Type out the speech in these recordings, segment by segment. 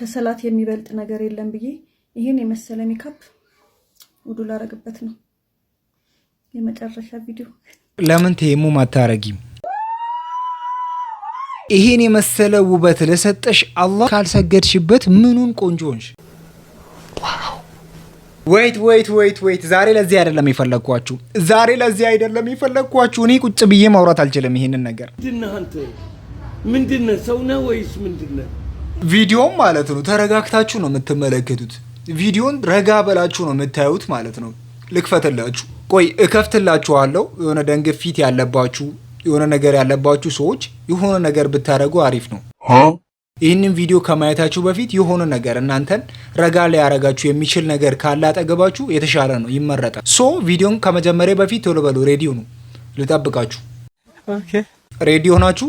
ከሰላት የሚበልጥ ነገር የለም ብዬ ይህን የመሰለ ሜካፕ ውዱ ላረግበት ነው። የመጨረሻ ቪዲዮ ለምን ቴሙም አታረጊም? ይህን የመሰለ ውበት ለሰጠሽ አላህ ካልሰገድሽበት ምኑን ቆንጆ ሆንሽ? ወይት ወይት ወይት ወይት፣ ዛሬ ለዚህ አይደለም የፈለግኳችሁ። ዛሬ ለዚህ አይደለም የፈለግኳችሁ። እኔ ቁጭ ብዬ ማውራት አልችልም ይሄንን ነገር። ምንድነህ አንተ? ምንድነህ ሰው ነህ ወይስ ምንድነህ? ቪዲዮም ማለት ነው ተረጋግታችሁ ነው የምትመለከቱት። ቪዲዮን ረጋ በላችሁ ነው የምታዩት ማለት ነው። ልክፈትላችሁ፣ ቆይ እከፍትላችኋለሁ። የሆነ ደንግፊት ፊት ያለባችሁ የሆነ ነገር ያለባችሁ ሰዎች የሆነ ነገር ብታደርጉ አሪፍ ነው። ይህንን ቪዲዮ ከማየታችሁ በፊት የሆነ ነገር እናንተን ረጋ ሊያረጋችሁ የሚችል ነገር ካለ አጠገባችሁ የተሻለ ነው፣ ይመረጣል። ሶ ቪዲዮን ከመጀመሪያ በፊት ቶሎ በሉ። ሬዲዮ ነው ልጠብቃችሁ። ሬዲዮ ናችሁ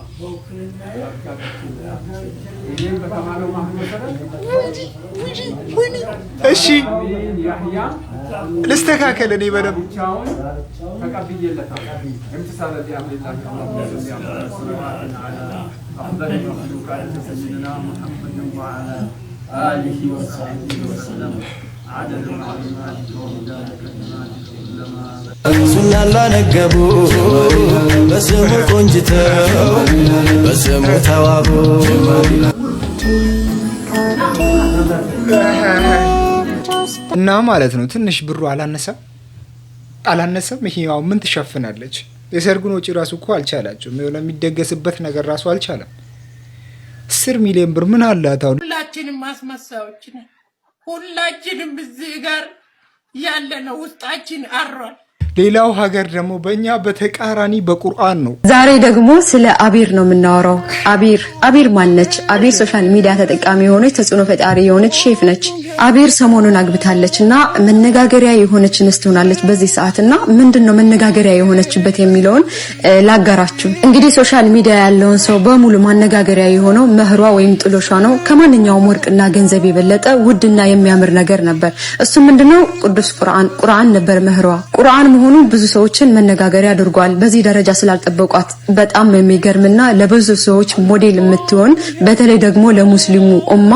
እሺ ልስተካከል። እኔ በደምብ ተቀብዬለታለሁ። እሱን ያላነገቡ በስሙ ቆንጅተው በስሙ ተዋቡ እና ማለት ነው። ትንሽ ብሩ አላነሰም አላነሰም። ይሄው ምን ትሸፍናለች? የሰርጉን ወጪ ራሱ እኮ አልቻላችሁም። የሆነ የሚደገስበት ነገር ራሱ አልቻለም። አስር ሚሊዮን ብር ምን አላት? ሁላችንም ማስመሳዎች ነን። ሁላችንም እዚህ ጋር ያለነው ውስጣችን አሯል። ሌላው ሀገር ደግሞ በእኛ በተቃራኒ በቁርአን ነው። ዛሬ ደግሞ ስለ አቢር ነው የምናወራው። አቢር አቢር ማነች? አቢር ሶሻል ሚዲያ ተጠቃሚ የሆነች ተጽዕኖ ፈጣሪ የሆነች ሼፍ ነች። አቢር ሰሞኑን አግብታለች እና መነጋገሪያ የሆነች ንስ ትሆናለች በዚህ ሰዓት እና ምንድን ነው መነጋገሪያ የሆነችበት የሚለውን ላጋራችሁ። እንግዲህ ሶሻል ሚዲያ ያለውን ሰው በሙሉ ማነጋገሪያ የሆነው መህሯ ወይም ጥሎሿ ነው። ከማንኛውም ወርቅና ገንዘብ የበለጠ ውድና የሚያምር ነገር ነበር። እሱ ምንድነው? ቅዱስ ቁርአን ቁርአን ነበር መህሯ ቁርአን መሆኑ ሰሞኑን ብዙ ሰዎችን መነጋገሪያ አድርጓል። በዚህ ደረጃ ስላልጠበቋት በጣም የሚገርምና ለብዙ ሰዎች ሞዴል የምትሆን በተለይ ደግሞ ለሙስሊሙ ኡማ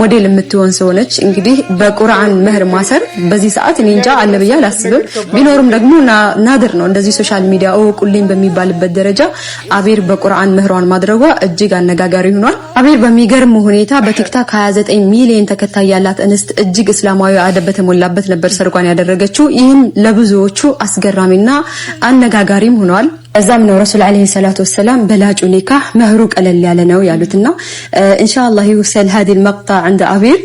ሞዴል የምትሆን ሰው ነች። እንግዲህ በቁርአን ምህር ማሰር በዚህ ሰዓት እኔ እንጃ አለ ብዬ አላስብም። ቢኖርም ደግሞ ናድር ነው። እንደዚህ ሶሻል ሚዲያ እወቁልኝ በሚባልበት ደረጃ አቤር በቁርአን ምህሯን ማድረጓ እጅግ አነጋጋሪ ሆኗል። አቤር በሚገርም ሁኔታ በቲክታክ 29 ሚሊዮን ተከታይ ያላት እንስት እጅግ እስላማዊ አደብ በተሞላበት ነበር ሰርጓን ያደረገችው። ይህም ለብዙዎቹ አስገራሚና አነጋጋሪም ሆኗል። እዛም ነው ረሱል ዓለይሂ ሰላቱ ወሰላም በላጩ ኒካህ መህሩ ቀለል ያለ ነው ያሉትና ኢንሻአላህ ይውሰል ሀዲል መቅጣዕ እንደ አቢር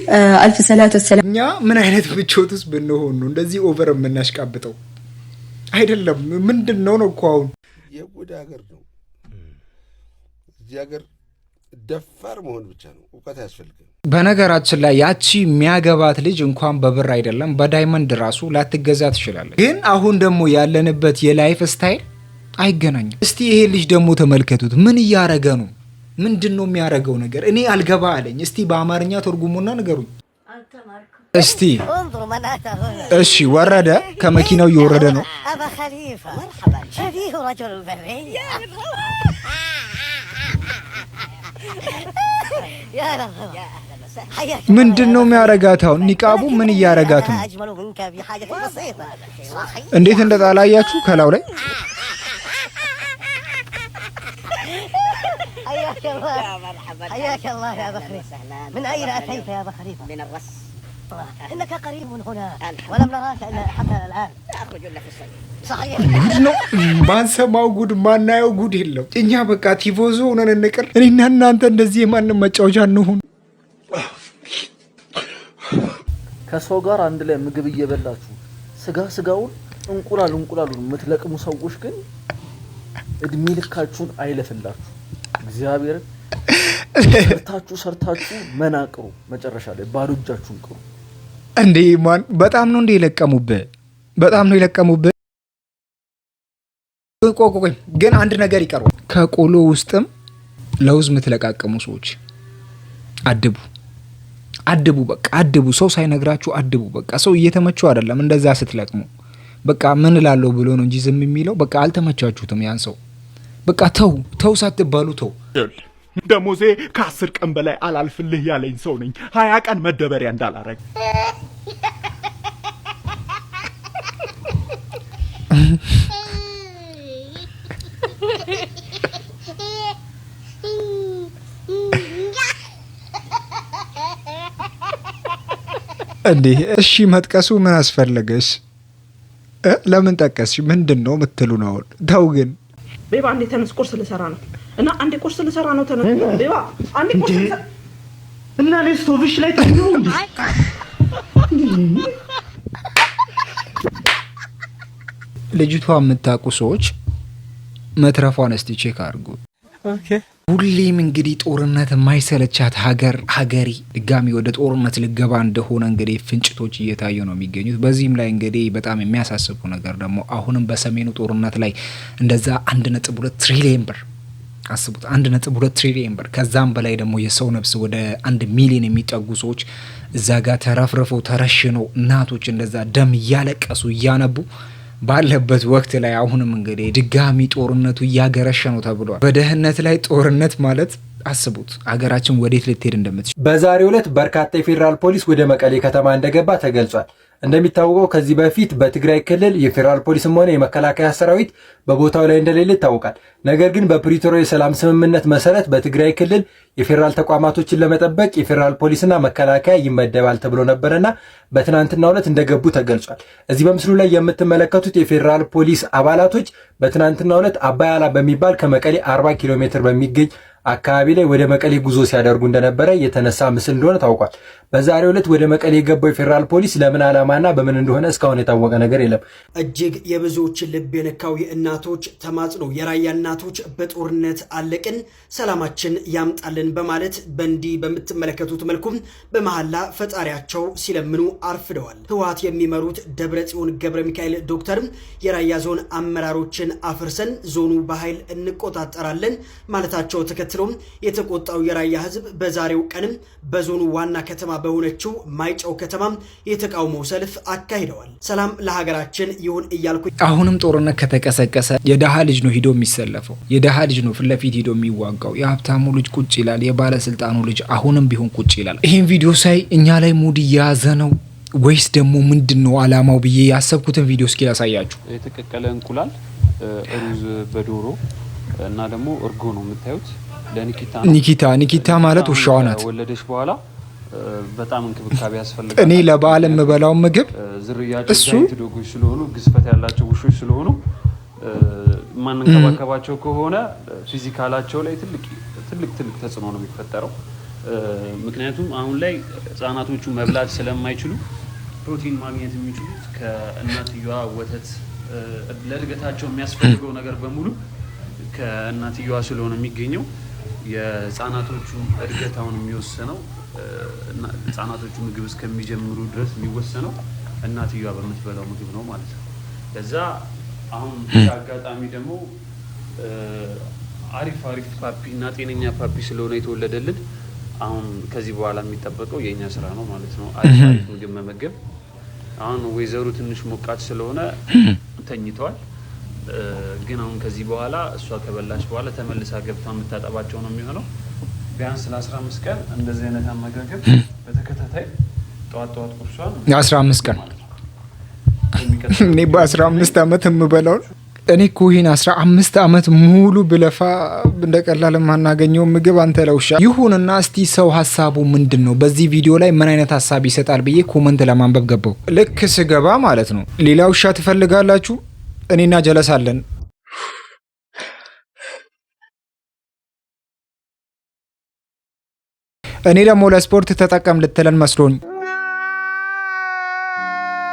አልፍ ሰላት ወሰላም። እኛ ምን አይነት ምቾት ውስጥ ብንሆን ነው እንደዚህ ኦቨር የምናሽቃብጠው? አይደለም ምንድን ነው ነው እኮ አሁን የጉድ ሀገር ነው። እዚህ ሀገር ደፋር መሆን ብቻ ነው፣ እውቀት አያስፈልግም። በነገራችን ላይ ያቺ የሚያገባት ልጅ እንኳን በብር አይደለም በዳይመንድ ራሱ ላትገዛ ትችላለች። ግን አሁን ደግሞ ያለንበት የላይፍ ስታይል አይገናኝም። እስቲ ይሄ ልጅ ደግሞ ተመልከቱት። ምን እያረገ ነው? ምንድን ነው የሚያረገው ነገር? እኔ አልገባ አለኝ። እስቲ በአማርኛ ትርጉሙና ንገሩኝ እስቲ። እሺ፣ ወረደ። ከመኪናው እየወረደ ነው። ምንድን ነው የሚያረጋት? አሁን ኒቃቡ ምን እያረጋት ነው? እንዴት እንደጣላያችሁ ከላው ላይ ነው ባንሰማው ጉድ ማናየው ጉድ የለም። እኛ በቃ ቲፎዞ ሆነን እንቅር። እኔና እናንተ እንደዚህ የማንም መጫወቻ እንሁን። ከሰው ጋር አንድ ላይ ምግብ እየበላችሁ ስጋ ስጋውን እንቁላል እንቁላሉን የምትለቅሙ ሰዎች ግን እድሜ ልካችሁን አይለፍላችሁ። እግዚአብሔር ሰርታችሁ ሰርታችሁ መናቅሩ መጨረሻ ላይ ባዶ እጃችሁን ቅሩ። እንዴ ማን በጣም ነው እንዴ የለቀሙብህ፣ በጣም ነው የለቀሙብህ። ቆይ ግን አንድ ነገር ይቀሩ። ከቆሎ ውስጥም ለውዝ የምትለቃቀሙ ሰዎች አድቡ። አድቡ፣ በቃ አድቡ። ሰው ሳይነግራችሁ አድቡ። በቃ ሰው እየተመቸው አይደለም እንደዛ ስትለቅሙ በቃ ምን ላለው ብሎ ነው እንጂ ዝም የሚለው። በቃ አልተመቻችሁትም ያን ሰው በቃ ተው ተው ሳትባሉ ተው። ደሞዜ ከአስር ቀን በላይ አላልፍልህ ያለኝ ሰው ነኝ። ሀያ ቀን መደበሪያ እንዳላረግ እንዲህ እሺ መጥቀሱ ምን አስፈለገሽ? ለምን ጠቀስሽ? ምንድን ነው የምትሉ ነው? አሁን ተው ግን ቤባ፣ አንዴ ተነስ፣ ቁርስ ልሰራ ነው እና አንዴ ቁርስ ልሰራ ነው። ተነስ ቤባ፣ አንዴ ቁርስ ልሰራ እና ስቶቭሽ ላይ ልጅቷ የምታውቁ ሰዎች መትረፏን እስቲ ቼክ አድርጉ። ሁሌም እንግዲህ ጦርነት የማይሰለቻት ሀገር ሀገሪ ድጋሚ ወደ ጦርነት ልገባ እንደሆነ እንግዲህ ፍንጭቶች እየታዩ ነው የሚገኙት። በዚህም ላይ እንግዲህ በጣም የሚያሳስቡ ነገር ደግሞ አሁንም በሰሜኑ ጦርነት ላይ እንደዛ አንድ ነጥብ ሁለት ትሪሊየን ብር አስቡት፣ አንድ ነጥብ ሁለት ትሪሊየን ብር ከዛም በላይ ደግሞ የሰው ነፍስ ወደ አንድ ሚሊዮን የሚጠጉ ሰዎች እዛ ጋር ተረፍርፈው ተረሽነው እናቶች እንደዛ ደም እያለቀሱ እያነቡ ባለበት ወቅት ላይ አሁንም እንግዲህ ድጋሚ ጦርነቱ እያገረሸ ነው ተብሏል። በደህንነት ላይ ጦርነት ማለት አስቡት አገራችን ወዴት ልትሄድ እንደምትችል። በዛሬው ዕለት በርካታ የፌዴራል ፖሊስ ወደ መቀሌ ከተማ እንደገባ ተገልጿል። እንደሚታወቀው ከዚህ በፊት በትግራይ ክልል የፌዴራል ፖሊስም ሆነ የመከላከያ ሰራዊት በቦታው ላይ እንደሌለ ይታወቃል። ነገር ግን በፕሪቶሪያ የሰላም ስምምነት መሰረት በትግራይ ክልል የፌዴራል ተቋማቶችን ለመጠበቅ የፌዴራል ፖሊስና መከላከያ ይመደባል ተብሎ ነበረና በትናንትናው ዕለት እንደገቡ ተገልጿል። እዚህ በምስሉ ላይ የምትመለከቱት የፌዴራል ፖሊስ አባላቶች በትናንትናው ዕለት አባያላ በሚባል ከመቀሌ 40 ኪሎ ሜትር በሚገኝ አካባቢ ላይ ወደ መቀሌ ጉዞ ሲያደርጉ እንደነበረ የተነሳ ምስል እንደሆነ ታውቋል። በዛሬው ዕለት ወደ መቀሌ የገባው የፌዴራል ፖሊስ ለምን ዓላማና በምን እንደሆነ እስካሁን የታወቀ ነገር የለም። እጅግ የብዙዎች ልብ የነካው የእናቶች ተማጽኖ የራያ እናቶች በጦርነት አለቅን ሰላማችን ያምጣልን በማለት በእንዲህ በምትመለከቱት መልኩም በመሐላ ፈጣሪያቸው ሲለምኑ አርፍደዋል። ህወሓት የሚመሩት ደብረ ጽዮን ገብረ ሚካኤል ዶክተርም የራያ ዞን አመራሮችን አፍርሰን ዞኑ በኃይል እንቆጣጠራለን ማለታቸው ተከትሎም የተቆጣው የራያ ህዝብ በዛሬው ቀንም በዞኑ ዋና ከተማ በሆነችው ማይጨው ከተማ የተቃውሞ ሰልፍ አካሂደዋል። ሰላም ለሀገራችን ይሁን እያልኩ አሁንም ጦርነት ከተቀሰቀሰ የደሃ ልጅ ነው ሂዶ የሚሰለፈው፣ የደሃ ልጅ ነው ፊትለፊት ሂዶ የሚዋጋው። የሀብታሙ ልጅ ቁጭ ይላል፣ የባለስልጣኑ ልጅ አሁንም ቢሆን ቁጭ ይላል። ይህን ቪዲዮ ሳይ እኛ ላይ ሙድ እየያዘ ነው ወይስ ደግሞ ምንድን ነው አላማው ብዬ ያሰብኩትን ቪዲዮ እስኪ ላሳያችሁ። የተቀቀለ እንቁላል፣ ሩዝ በዶሮ እና ደግሞ እርጎ ነው የምታዩት። ኒኪታ ኒኪታ ማለት ውሻዋ ናት። ወለደች በኋላ በጣም እንክብካቤ ያስፈልጋል። እኔ ለበዓል የምበላው ምግብ ዝርያቸው ዛይት ዶጎች ስለሆኑ ግዝፈት ያላቸው ውሾች ስለሆኑ ማንንከባከባቸው ከሆነ ፊዚካላቸው ላይ ትልቅ ትልቅ ትልቅ ተጽዕኖ ነው የሚፈጠረው። ምክንያቱም አሁን ላይ ህጻናቶቹ መብላት ስለማይችሉ ፕሮቲን ማግኘት የሚችሉት ከእናትየዋ ወተት ለእድገታቸው የሚያስፈልገው ነገር በሙሉ ከእናትየዋ ስለሆነ የሚገኘው የህጻናቶቹ እድገታውን የሚወስነው ህጻናቶቹ ምግብ እስከሚጀምሩ ድረስ የሚወሰነው እናትየዋ በምትበላው ምግብ ነው ማለት ነው። ለዛ አሁን አጋጣሚ ደግሞ አሪፍ አሪፍ ፓፒ እና ጤነኛ ፓፒ ስለሆነ የተወለደልን አሁን ከዚህ በኋላ የሚጠበቀው የእኛ ስራ ነው ማለት ነው። አሪፍ አሪፍ ምግብ መመገብ። አሁን ወይዘሩ ትንሽ ሞቃት ስለሆነ ተኝተዋል። ግን አሁን ከዚህ በኋላ እሷ ከበላች በኋላ ተመልሳ ገብታ የምታጠባቸው ነው የሚሆነው። ቢያንስ ለ15 ቀን እንደዚህ አይነት አመጋገብ በተከታታይ ጠዋት ጠዋት ቁርሷን 15 ቀን እኔ በ15 ዓመት የምበላው እኔ እኮ ይህን 15 ዓመት ሙሉ ብለፋ እንደ ቀላል የማናገኘው ምግብ አንተ ለውሻ። ይሁንና እስቲ ሰው ሀሳቡ ምንድን ነው በዚህ ቪዲዮ ላይ ምን አይነት ሀሳብ ይሰጣል ብዬ ኮመንት ለማንበብ ገባው። ልክ ስገባ ማለት ነው ሌላ ውሻ ትፈልጋላችሁ? እኔና ጀለሳለን እኔ ደግሞ ለስፖርት ተጠቀም ልትለን መስሎኝ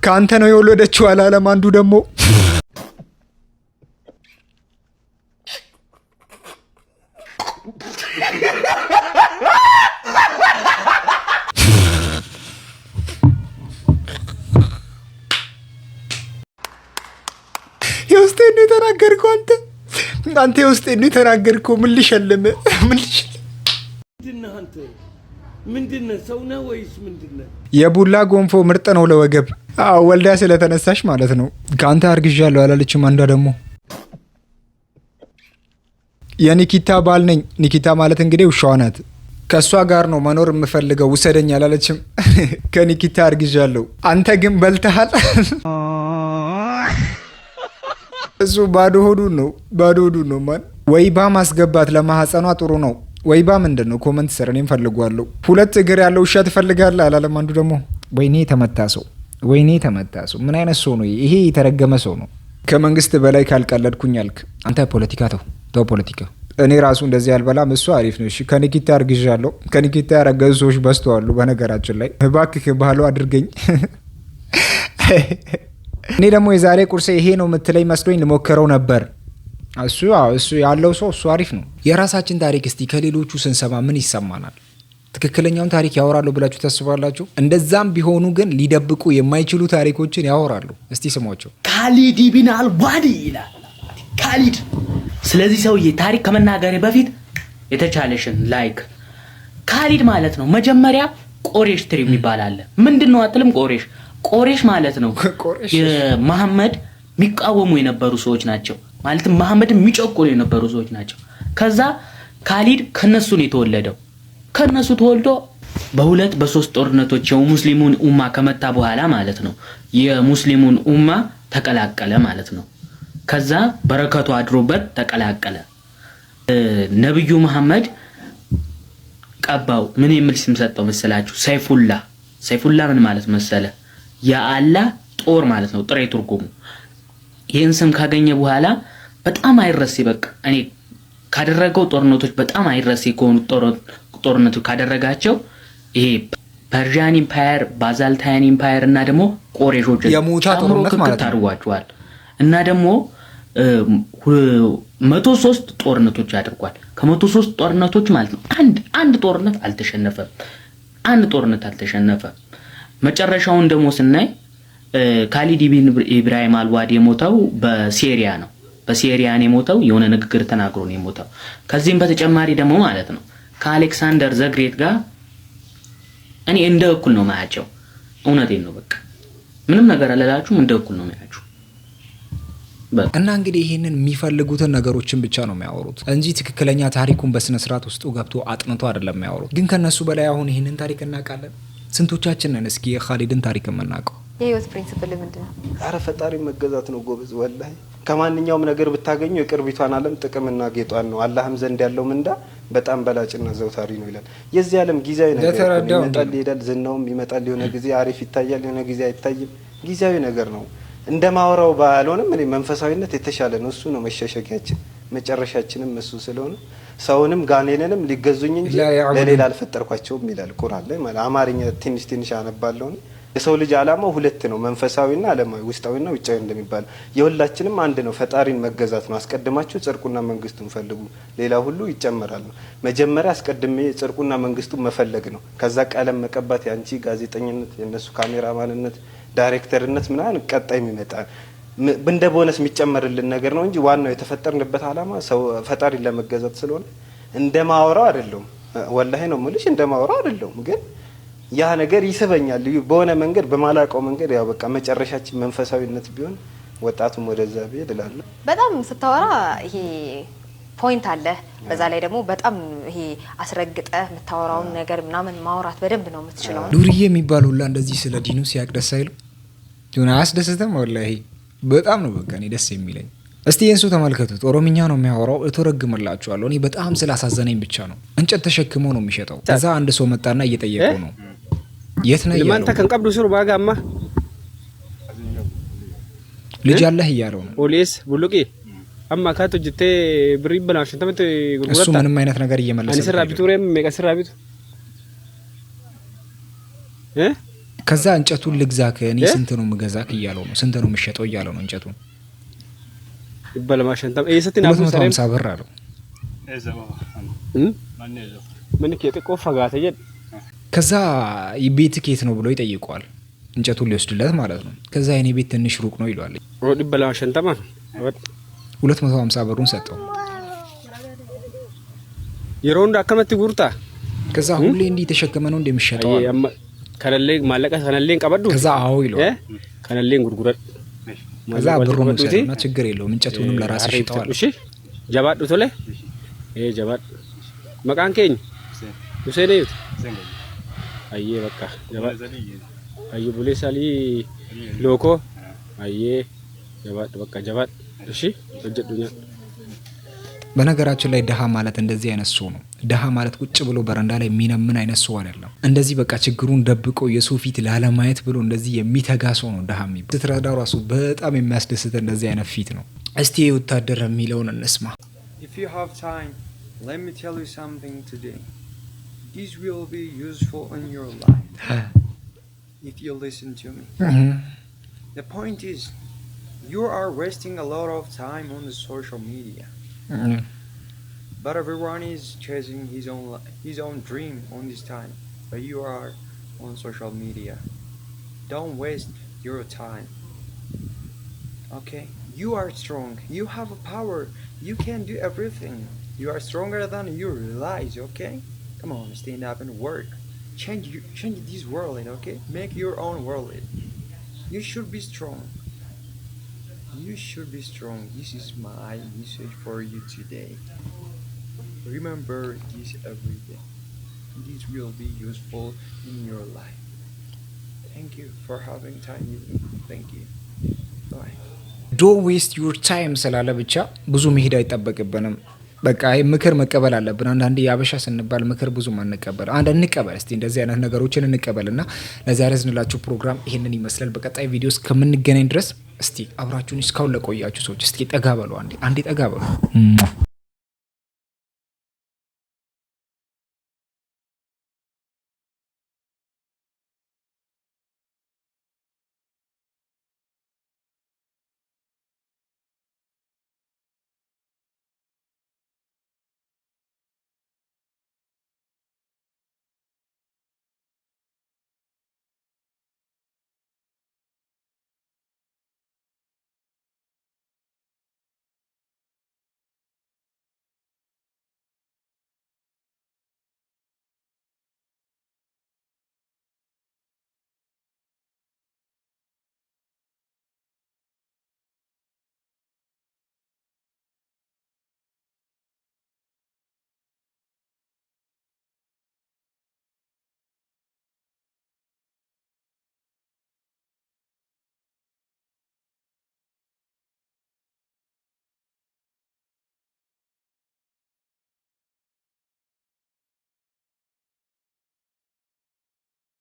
ከአንተ ነው የወለደችው አላለም። አንዱ ደግሞ የውስጤን ነው የተናገርከው አንተ አንተ የውስጤን ነው የተናገርከው። ምን ልሸልም ምን ልሸልም ምንድነ ሰው ወይስ ምንድነ? የቡላ ጎንፎ ምርጥ ነው ለወገብ። አዎ ወልዳ ስለተነሳሽ ማለት ነው። ከአንተ አርግዣለሁ አላለችም። አንዷ ደግሞ የኒኪታ ባል ነኝ። ኒኪታ ማለት እንግዲህ ውሻዋ ናት። ከእሷ ጋር ነው መኖር የምፈልገው ውሰደኝ አላለችም። ከኒኪታ አርግዣለሁ። አንተ ግን በልተሃል። እሱ ባዶ ሆዱን ነው ባዶ ሆዱን ነው ማን ወይባ ማስገባት ለማህፀኗ ጥሩ ነው። ወይባ ምንድን ነው? ኮመንት ስር እኔም ፈልጓለሁ። ሁለት እግር ያለው ውሻ ትፈልጋለህ አላለም አንዱ ደግሞ። ወይኔ ተመታ ሰው፣ ወይኔ ተመታ ሰው። ምን አይነት ሰው ነው ይሄ? የተረገመ ሰው ነው። ከመንግስት በላይ ካልቀለድኩኝ አልክ አንተ። ፖለቲካ ተው ተው፣ ፖለቲካ እኔ ራሱ እንደዚህ አልበላም። እሱ አሪፍ ነው። ከኒኪታ አርግዣለሁ። ከኒኪታ ያረገዙ ሰዎች በስተዋሉ። በነገራችን ላይ እባክህ ባህሉ አድርገኝ። እኔ ደግሞ የዛሬ ቁርሴ ይሄ ነው የምትለኝ መስሎኝ ልሞክረው ነበር። እሱ እሱ ያለው ሰው እሱ አሪፍ ነው። የራሳችን ታሪክ እስቲ ከሌሎቹ ስንሰማ ምን ይሰማናል? ትክክለኛውን ታሪክ ያወራሉ ብላችሁ ታስባላችሁ? እንደዛም ቢሆኑ ግን ሊደብቁ የማይችሉ ታሪኮችን ያወራሉ። እስቲ ስሟቸው። ካሊድ ቢን አልዋዲ ይላል ካሊድ። ስለዚህ ሰውዬ ታሪክ ከመናገሬ በፊት የተቻለሽን ላይክ ካሊድ ማለት ነው። መጀመሪያ ቆሬሽ ትሪ የሚባል አለ። ምንድን ነው አትልም? ቆሬሽ ቆሬሽ ማለት ነው መሐመድ የሚቃወሙ የነበሩ ሰዎች ናቸው። ማለትም መሐመድ የሚጨቆሉ የነበሩ ሰዎች ናቸው። ከዛ ካሊድ ከነሱ ነው የተወለደው። ከነሱ ተወልዶ በሁለት በሶስት ጦርነቶች የሙስሊሙን ኡማ ከመታ በኋላ ማለት ነው የሙስሊሙን ኡማ ተቀላቀለ ማለት ነው። ከዛ በረከቱ አድሮበት ተቀላቀለ። ነብዩ መሐመድ ቀባው። ምን የሚል ስም ሰጠው መሰላችሁ? ሰይፉላ። ሰይፉላ ምን ማለት መሰለ? የአላህ ጦር ማለት ነው ጥሬ ትርጉሙ። ይህን ስም ካገኘ በኋላ በጣም አይረሴ በቃ እኔ ካደረገው ጦርነቶች በጣም አይረሴ ከሆኑ ጦርነቶች ካደረጋቸው ይሄ ፐርዣን ኢምፓየር፣ ባዛልታያን ኢምፓየር እና ደግሞ ቆሬሾች ጨምሮ ክክት አድርጓቸዋል እና ደግሞ መቶ ሶስት ጦርነቶች አድርጓል። ከመቶ ሶስት ጦርነቶች ማለት ነው አንድ አንድ ጦርነት አልተሸነፈም። አንድ ጦርነት አልተሸነፈም። መጨረሻውን ደግሞ ስናይ ካሊድ ኢብን ኢብራሂም አልዋድ የሞተው በሴሪያ ነው። በሴሪያን የሞተው የሆነ ንግግር ተናግሮ ነው የሞተው። ከዚህም በተጨማሪ ደግሞ ማለት ነው ከአሌክሳንደር ዘግሬት ጋር እኔ እንደ እኩል ነው ማያቸው። እውነቴን ነው በቃ ምንም ነገር አለላችሁም፣ እንደ እኩል ነው ማያችሁ። እና እንግዲህ ይህንን የሚፈልጉትን ነገሮችን ብቻ ነው የሚያወሩት እንጂ ትክክለኛ ታሪኩን በስነ ስርዓት ውስጡ ገብቶ አጥንቶ አይደለም የሚያወሩት። ግን ከነሱ በላይ አሁን ይህንን ታሪክ እናውቃለን። ስንቶቻችንን እስኪ የካሊድን ታሪክ የምናውቀው? የህይወት ፕሪንስፕል ምንድን ነው? አረ ፈጣሪ መገዛት ነው ጎበዝ ወላይ ከማንኛውም ነገር ብታገኙ የቅርቢቷን ዓለም ጥቅምና ጌጧን ነው። አላህም ዘንድ ያለው ምንዳ በጣም በላጭና ዘውታሪ ነው ይላል። የዚህ ዓለም ጊዜያዊ ነገር ይመጣል ይሄዳል። ዝናውም ይመጣል። የሆነ ጊዜ አሪፍ ይታያል፣ የሆነ ጊዜ አይታይም። ጊዜያዊ ነገር ነው። እንደ ማወራው ባልሆንም እኔ መንፈሳዊነት የተሻለ ነው። እሱ ነው መሸሸጊያችን፣ መጨረሻችንም እሱ ስለሆነ ሰውንም ጋኔንንም ሊገዙኝ እንጂ ለሌላ አልፈጠርኳቸውም ይላል ቁርአን ላይ። አማርኛ ትንሽ ትንሽ አነባለሁ የሰው ልጅ አላማው ሁለት ነው፣ መንፈሳዊና አለማዊ ውስጣዊና ውጫዊ እንደሚባል የሁላችንም አንድ ነው፣ ፈጣሪን መገዛት ነው። አስቀድማችሁ ጽድቁና መንግስቱን ፈልጉ፣ ሌላ ሁሉ ይጨመራል ነው። መጀመሪያ አስቀድሜ ጽድቁና መንግስቱን መፈለግ ነው። ከዛ ቀለም መቀባት፣ የአንቺ ጋዜጠኝነት፣ የእነሱ ካሜራማንነት፣ ዳይሬክተርነት ምናምን ቀጣይ የሚመጣ እንደ ቦነስ የሚጨመርልን ነገር ነው እንጂ ዋናው የተፈጠርንበት አላማ ሰው ፈጣሪን ለመገዛት ስለሆነ እንደማወራው አይደለውም። ወላሄ ነው የምልሽ እንደማወራው አይደለውም ግን ያ ነገር ይስበኛል በሆነ መንገድ በማላውቀው መንገድ ያው በቃ መጨረሻችን መንፈሳዊነት ቢሆን ወጣቱም ወደዛ ብሄድ እላለሁ። በጣም ስታወራ ይሄ ፖይንት አለ። በዛ ላይ ደግሞ በጣም ይሄ አስረግጠ የምታወራውን ነገር ምናምን ማውራት በደንብ ነው የምትችለው። ዱርዬ የሚባል ሁላ እንደዚህ ስለ ዲኑ ሲያቅ ደስ አይልም ሆነ አያስደስትም። ይሄ በጣም ነው በቃ እኔ ደስ የሚለኝ። እስቲ የእንሱ ተመልከቱት። ኦሮምኛ ነው የሚያወራው፣ እተረግምላችኋለሁ። እኔ በጣም ስላሳዘነኝ ብቻ ነው። እንጨት ተሸክሞ ነው የሚሸጠው። ከዛ አንድ ሰው መጣና እየጠየቀው ነው የት ነው እያለው ነው ከንቀብዱ ሱር ባጋማ ልጅ አለህ እያለው ነው ኦሌስ ቡሉቂ አማ ካቱ ጅቴ ብሪ ብላሽ እንተመት ጉልጉለታ እሱ ምንም አይነት ነገር እየመለሰ ነው ስራ ቢቱ ረም ስራ ቢቱ እ ከዛ እንጨቱን ልግዛክ እኔ ስንት ነው ምገዛክ እያለው ነው ስንት ነው ምሸጠው እያለው ነው እንጨቱን ይበለማሽ እንተም እየሰቲና አቡ ሰረም ምን ከጥቆ ፈጋተ ጀድ ከዛ ቤት ኬት ነው ብሎ ይጠይቀዋል። እንጨቱን ሊወስድለት ማለት ነው። ከዛ የኔ ቤት ትንሽ ሩቅ ነው ይሏል። ሁለት መቶ ሀምሳ ብሩን ሰጠው። የሮ እንደ አከመት ጉርታ ከዛ ሁሌ እንዲህ የተሸከመ ነው እንደሚሸጠው ከነሌ ማለቀ ከነሌን ቀበዱ ከዛ አዎ ይለዋል። ከነሌን ጉርጉረ ከዛ ብሩን ሰጠውና ችግር የለውም እንጨቱንም ለራስ ሽጠዋል። እሺ ጀባዱ ቶለ ይሄ ጀባድ መቃንከኝ ሁሴን ይሁት Ayyee bakka ayyee buleessa alii lookoo ayyee jabaadhu በቃ ጀባድ እሺ ወጀዱኛል። በነገራችን ላይ ድሀ ማለት እንደዚህ አይነት ሰው ነው። ድሀ ማለት ቁጭ ብሎ በረንዳ ላይ የሚነምን አይነት ሰው አይደለም። እንደዚህ በቃ ችግሩን ደብቆ የሰው ፊት ላለማየት ብሎ እንደዚህ የሚተጋ ሰው ነው ድሀ የሚባል። ስትረዳው ራሱ በጣም የሚያስደስት እንደዚህ አይነት ፊት ነው። እስቲ ወታደር የሚለውን እንስማ። This will be useful in your life if you listen to me. Mm-hmm. The point is, you are wasting a lot of time on the social media. Mm-hmm. But everyone is chasing his own his own dream on this time. But you are on social media. Don't waste your time. Okay, you are strong. You have a power. You can do everything. You are stronger than you realize. Okay. Come on, stand up and work. Change, your, change this world, okay? Make your own world. You should be strong. You should be strong. This is my message for you today. Remember this every day. This will be useful in your life. Thank you for having time with me. Thank you. Bye. ዶ ዌስት ዩር ታይም ስላለ ብቻ ብዙ መሄድ አይጠበቅብንም። በቃ ምክር መቀበል አለብን። አንዳንድ የአበሻ ስንባል ምክር ብዙ አንቀበል። አንድ እንቀበል እስቲ እንደዚህ አይነት ነገሮችን እንቀበል እና ለዛሬ ያዝንላችሁ ፕሮግራም ይህንን ይመስላል። በቀጣይ ቪዲዮ እስከምንገናኝ ድረስ እስቲ አብራችሁን እስካሁን ለቆያችሁ ሰዎች እስቲ ጠጋ በሉ፣ አንዴ ጠጋ በሉ።